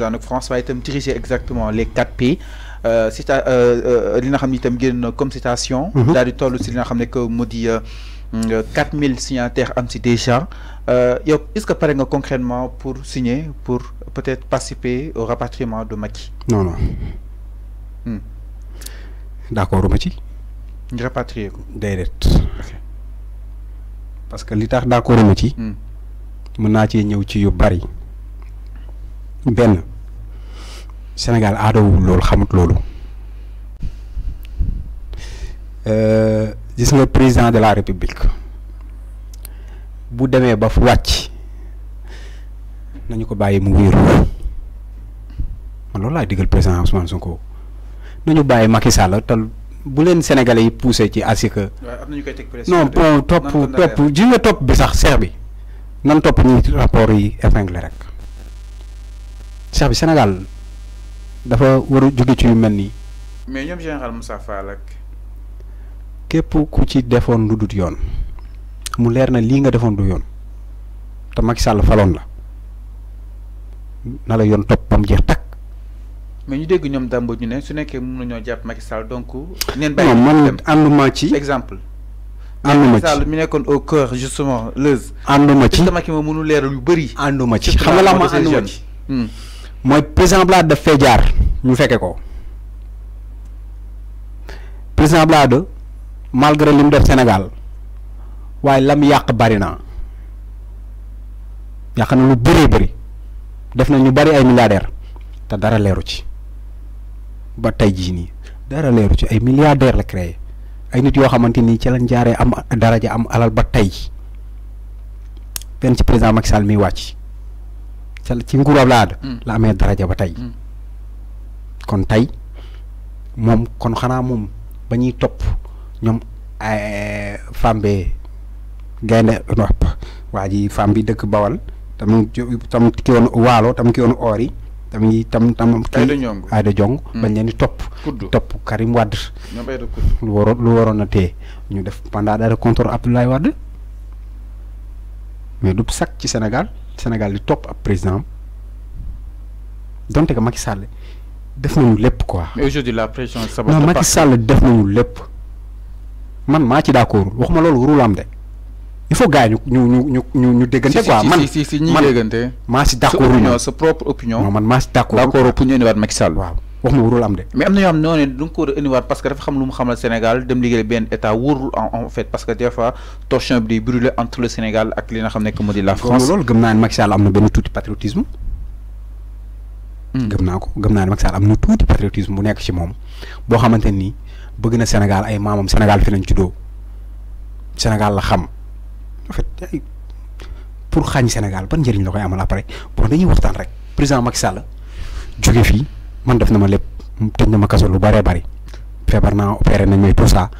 en France va être dirigé exactement les quatre pays euh, c'est euh, euh, mhm. li nga xam ne comme citation daal di toll si que 4000 signataires am déjà est-ce que par concrètement pour signer pour peut-être participer au rapatriement de Macky non non hmm. d'accord romachi ci Direct. rapatrier parce que l'état d'accord romachi hmm. ci mën ci cee ci bari benn Sénégal aadawul loolu xamut loolu euh, gis nga président de la république bu demee ba fu wàcc nañu ko bàyyi mu wéeru man loolu laay digal président Ousmane Sonko nañu bàyyi Macky Sall te bu leen sénégalais yi poussé ci asi que non bon topp topp ji nga topp bi sax seex bi nan topp ñuy rapport yi épingle rek cheikh bi Sénégal dafa waru a ci yu melni mais ñom général Moussa Fall ak. képp ku ci défon lu dut yoon mu lér na li nga défon du yoon ta Macky Sall falon la nala yoon top ba jeex tak mais ñu dégg ñom dambo ñu né su nekké mënu ñoo japp Macky Sall donc. neen bàyyi man ci exemple. ci mi au cœur justement leuse ci. mënu ci xam nga la ma ci. Hmm. mooy président Blade daf fee jaar ñu fekke ko président Blade malgré li def Sénégal waaye lam yàq bari na yàq na lu bëree bëri def na ñu bari ay milliardaire te dara leeru ci ba tey jii nii dara leeru ci ay milliardaire la créé ay nit yoo xamante ni ci lañ jaaree am daraja am alal ba tey benn ci président Macky Sall miy wàcc. ci nguuru Abdoulaye Wade hmm. la amee daraja ba tay hmm. kon tay moom kon xana mom bañi top ñom ñoom eh, Fambe gaynde nopp waji fambi femme Bawal tam tam ki won walo tam ki won ori tam yi tam tam ay de jong hmm. bañ leen di top, topp Karim Wade lu woro lu waroon a téye ñu def pendant dara contre Abdoulaye wad mais du sax ci Sénégal Sénégal di topp ab président donte que Macky Sall def nañu lépp quoi. mais aujourd'hui la pression sabote non Macky def nañu lépp man maa ci d'accord waxuma loolu warul am de il faut gars ñu ñu ñu ñu ñu déggante quoi. man si si si ñuy déggante. maa si d'accord sa opinion sa propre opinion. non man maa si d'accord d'accord pour ñu indiwaat Macky Sall waaw. wax ma warul am de. mais am na ñoo xam ne ñoo du nga ko war a indiwaat parce que dafa que des fois torchon bi day brûler entre le Sénégal ak li nga xam nekk moo di la France. Hmm. gëm naa ko gëm naa ne Macky am na tuuti patriotisme bu nekk ci moom boo xamante ni bëgg na Sénégal ay maamam Sénégal fi lañ juddoo Sénégal la xam en fait ay pour xàññ Sénégal ban njëriñ la koy amal après bon dañuy waxtaan rek président Macky Sall jóge fii. man def na ma lépp tëj na ma kaso lu baree bari feebar naa opéré nañ may tout ça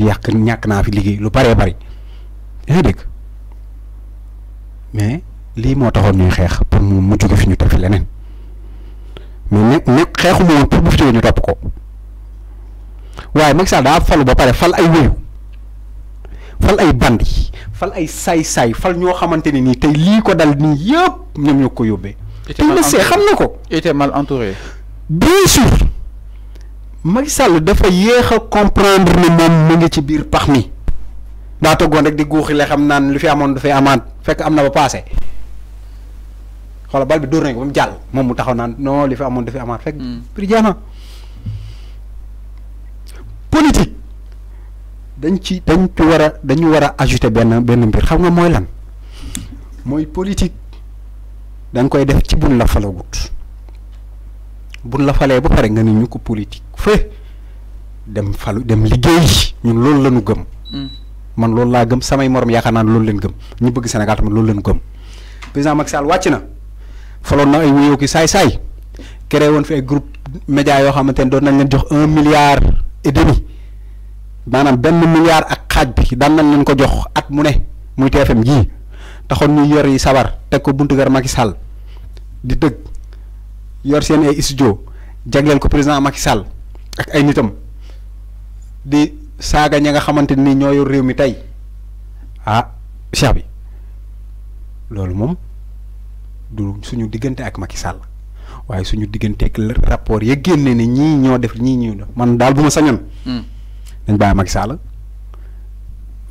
ñàkk naa fi liggéey lu bëree bari yaa ngi mais lii moo taxoon ñuy xeex pour mu mu jóge fi ñu teg fi leneen mais ne ne xeexu ma pour bu fi jógee ñu topp ko waaye Macky Sall daa falu ba pare fal ay wéyu fal ay bandi fal ay saay-saay fal ñoo xamante ne nii tey lii ko dal nii yëpp ñoom ñoo ko yóbbee. te ma see xam na ko. était mal bien sûr Macky Sall dafa yéex a comprendre ni moom mu ngi ci biir pax mi daa toggoon rek di guuxi la xam naan lu fi amoon dafay amaat fekk am na ba passé xoolal bal bi dóor nañ ko ba mu jàll moom mu taxaw naan non li fi amoon dafay amaat fekk. Hmm. prix jeex dañ ci dañ ci war dañu war a ajouter benn benn mbir xam nga mooy lan mooy politique da koy def ci buñ la falagut. buñ la falé ba paré nga ni ñu politique fe dem falu dem liggéey ñun loolu lañu gëm mm. man loolu la gëm samay morom yaaka naan loolu leen gëm ñu bëgg Sénégal tamit loolu leen gëm président Macky Sall wacc na faloon na ay wuyoo ki say say créé won fi ay groupe média yo xamante ne doon nañ leen jox 1 milliard et demi manam ben milliard ak xaj bi daan nañ leen ko jox at mu ne muy TFM ji ñu yor sabar teg ko buntu gar Macky Sall di deug yor sen ay studio jaglel ko president Macky Sall ak ay nitam di saga ña nga xamante ni yor mi tay ah cheikh bi loolu moom du suñu digënté ak Macky Sall waye suñu digënté ak rapport ya génné ni ñi ñoo def ñi ñu man dal buma sañon hmm dañ bàyyi Macky Sall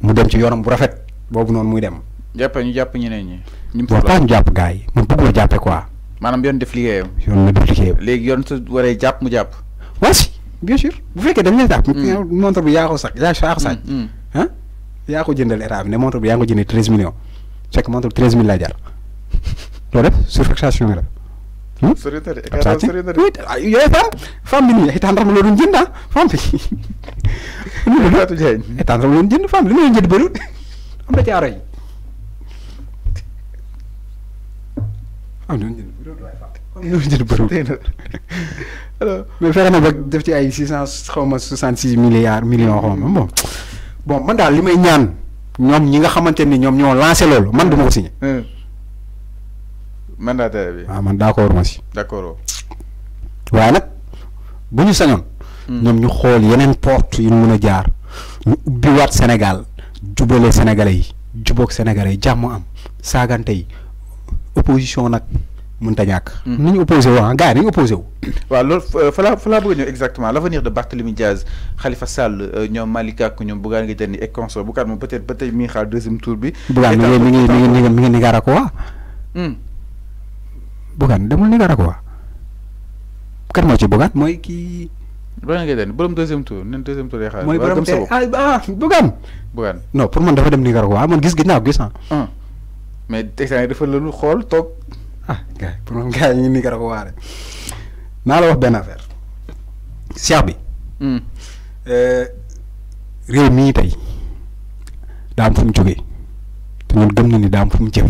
mu dem ci yoram bu rafet bobu non muy dem. jàppee ñu jàpp ñeneen ñi. ñu mu ñu jàpp gars yi quoi. maanaam yoon def liggéeyam. yoon na def liggéeyam. léegi yoon su waree jàpp mu jàpp. waa bien sûr bu fekkee dañ lay jàpp. Hmm. montre bu yaa ko sax yaa ko saaj. ah hmm, hmm. yaa ko jëndal état bi ne montre bi yaa ngi ko jëndee treize millions fekk montre bi treize mille loo def surfacturation nga def. soriatari écart soriatari oui ah, yooyu fa femme bi nii ay tàndaram la doon jënd ah bi. état bi la doon jënd femme bi li ma leen jënd bëriwul am na ci yi. ah ñoo mais fexe na ba def ci ay six cent xaw ma soixante six milliards millions xaw ma man daal li may ñaan ñoom ñi nga xamante ni ñoom ñoo lancé loolu man du ma ko signé. mandataire waaw ah, man d' accord ma si. d' waaye nag bu ñu sañoon. Hmm. ñoom ñu xool yeneen porte yu ñu mën a jaar ñu ubbiwaat Sénégal jubale Sénégalais yi juboog Sénégalais yi jàmm am saagante yi. opposition nag mënta ñàkk. Mm-hmm. nañu opposé wu ah gars yi nañu opposé wu. waaw loolu euh, fa laa fa laa bëgg a ñëw exactement l' avenir de Barthélemy Diaz Khalifa Sall euh, ñoom Malick Gakou ñoom Bougane Gueye demul Nicaragua. kan moo ci Bougane mooy kii. Bougane Gueye Dany borom deuxième tour nee deuxième tour ah, ah, ah, gis ginnaaw mais texan yi dafa lëlu xool toog ah pour moom gars ni ko dafa waare naa la wax benn affaire Cheikh bi hmm. euh, réew mii tey daa am jóge mu jógee te ñun gëm na ni daa am fu mu jëm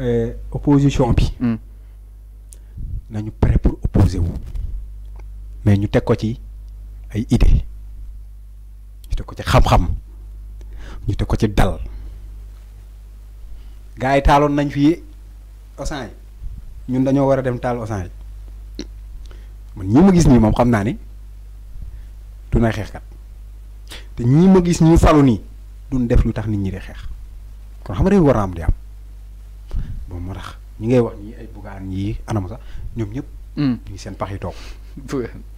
euh, opposition bi hmm. nañu pare pour opposer wu mais ñu teg ko ci ay idée ñu teg ko ci xam-xam ñu teg ko ci dal gaay talon nañ fi Auchan ñun dañoo wara dem tal osan, man ñii ma gis ni mom xamna ni du na xeexkat te ñii ma gis ñu falu ni du def lu tax nit ñi di xeex kon xam rew waram di am bo mo tax ñi ngay wax ñi ay bugaan ñi anam sax ñom ñep mm. ñi seen pax yi tok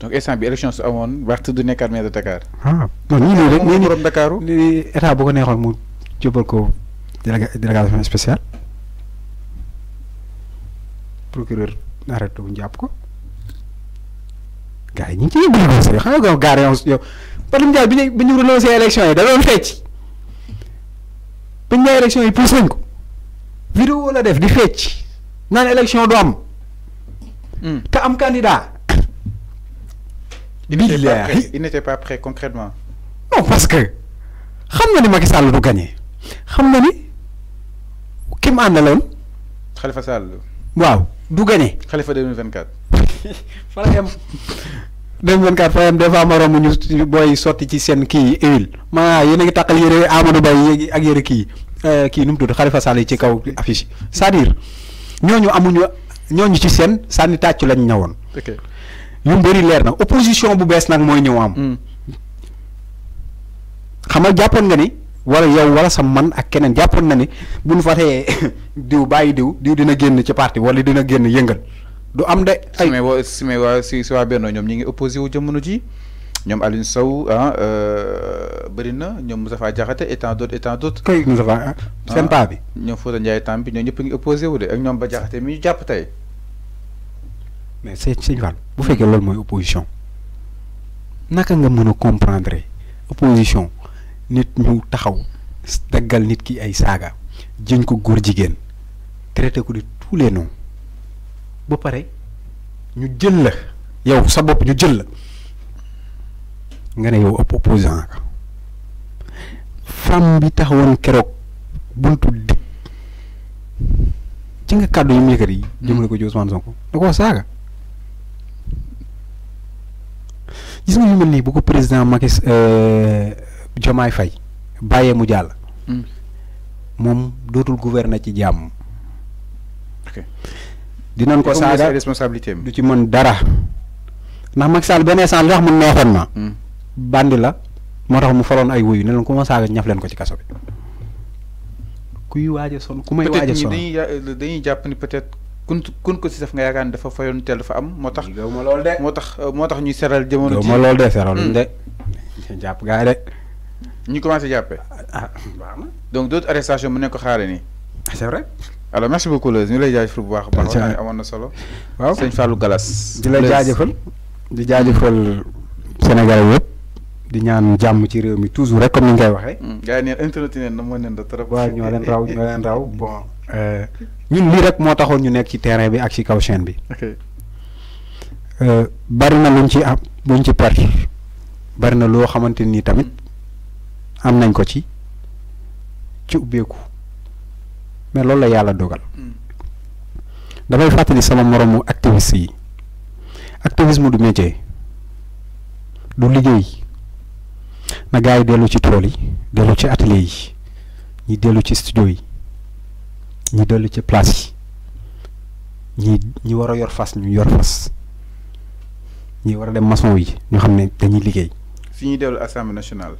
donc instant bi élection su amoon waxtu du nekkaat maire de Dakar. ah non nii nii rek nii nii borom Dakaru neexoon mu ko déléga délégation spéciale ñu jàpp xam nga gars yi yow Fatou Ndiaye bi bi ñu renoncé élection yi da doon fecc bi ñu nee yi poussé nañ ko. vidéo la def di fecc naan élection du am. Hmm. te am candidat. Il n'était pas, prêt. Il n'était pas prêt concrètement. Non, parce que. Xam ni Macky Sall du gagné. Xam nga ni ki mu àndaloon. Khalifa Sall. waaw du gagner. Khalifa 2024. fa 2024 fa yem des fois ma ñu booy sorti ci sen ki huile. ma yéen a ngi taqal yére Amadou Ba ak yere ki euh ki num tud Khalifa Sall ci kaw affiche c'est-à-dire ñooñu amuñu ñooñu ci sen sànni tàcc lañ ñëwoon. yu mbëri leer na opposition bu bees nag mooy ñëw am. Mm. xam nga jàppoon nga ni wala yow wala sa man ak keneen jàppoon na ni bu ñu fatee diw bàyyi diw diw dina génn ci parti wala dina génn yëngal du am de. ay si may waa si si waa Benno ñoom ñu ngi opposé wu jamono ji ñoom Alioune Sow ah euh, bëri na ñoom Moustapha Diakhaté et tant d'autres et tant d'autres. kay Moustapha ah, seen ah, paa bi. ñoom Fodé Ndiaye tam bi ñoom ñëpp ngi opposé wu de ak ñoom ba Diakhaté mi ñu jàpp tey. mais c'est sëñ Vous faites que l'homme opposition n'a nga comprendre opposition nit ñu taxaw daggal nit ki ay saga ko de tous les noms ba pare Nous jël la yow sa Nous ñu jël la nga né yow opposant femme bi buntu ci nga yu hmm. ko ci Ousmane gis nga yu nii bu ko président Macky jomaay euh, fay bàyyee mu jàll. Hmm. moom dootul gouverner ci jàmm. ok dinañ ko saaga responsabilité du ci mën dara. ndax Macky Sall benn instant li tax mun neexoon ma. Hmm. bandi la moo tax mu faloon ay wuyu ne leen ku ma saaga ñaf leen ko ci kaso bi. kuy waaj a sonn ku may waaj a jàpp ni peut-être. kun kun ko si def nga yaakaar ne dafa fayoon teel dafa am moo tax. gaw ma lool de moo tax moo tax ñuy seral jamono. gaw ma lool de seral hmm. de. jàpp gaay ñu commencé jàppee. ah baax na. donc d' autres arrestations mu nekk ko xaare nii. Ah, c' est vrai. alors lay jaajëfal bu baax. amoon na solo. waaw sëñ Fallou Galas. di la jaajëfal di jaajëfal Sénégal yëpp. di ñaan jàmm ci réew mi toujours rek comme ni nga koy waxee. Hmm. gars yi neen internet neen na moo neen da trop. waaw ñoo leen raw ñoo leen raw Euh, ñun lii rek moo taxoon ñu nekk ci terrain bi ak ci kaw chaîne bi. Euh, bari na luñ ci am luñ ci perte bari na loo xamante ni tamit am nañ ko ci ci ubbeeku mais loolu la yàlla dogal. Hmm. damay fàttali sama moromu activiste yi activisme du métier du liggéey na gars yi dellu ci tool yi dellu ci atelier yi ñi dellu ci studio yi. ñi dellu ci place yi ñi ñi war a yor fas ñu yor fas ñi war a dem maçon yi ñoo xam ne dañuy liggéey. fi ñuy dellu assemblée nationale.